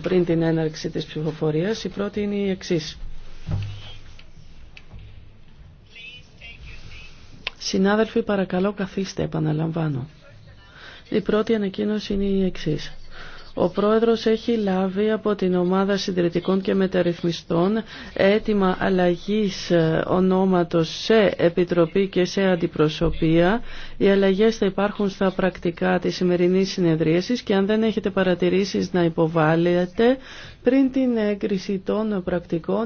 πριν την έναρξη της ψηφοφορίας. Η πρώτη είναι η εξής. Συνάδελφοι, παρακαλώ καθίστε, επαναλαμβάνω. Η πρώτη ανακοίνωση είναι η εξής. Ο πρόεδρος έχει λάβει από την ομάδα συντηρητικών και μεταρρυθμιστών έτοιμα αλλαγής ε, ονόματος σε επιτροπή και σε αντιπροσωπεία. Οι αλλαγές θα υπάρχουν στα πρακτικά της σημερινής συνεδρίασης και αν δεν έχετε παρατηρήσεις να υποβάλλετε πριν την έγκριση των πρακτικών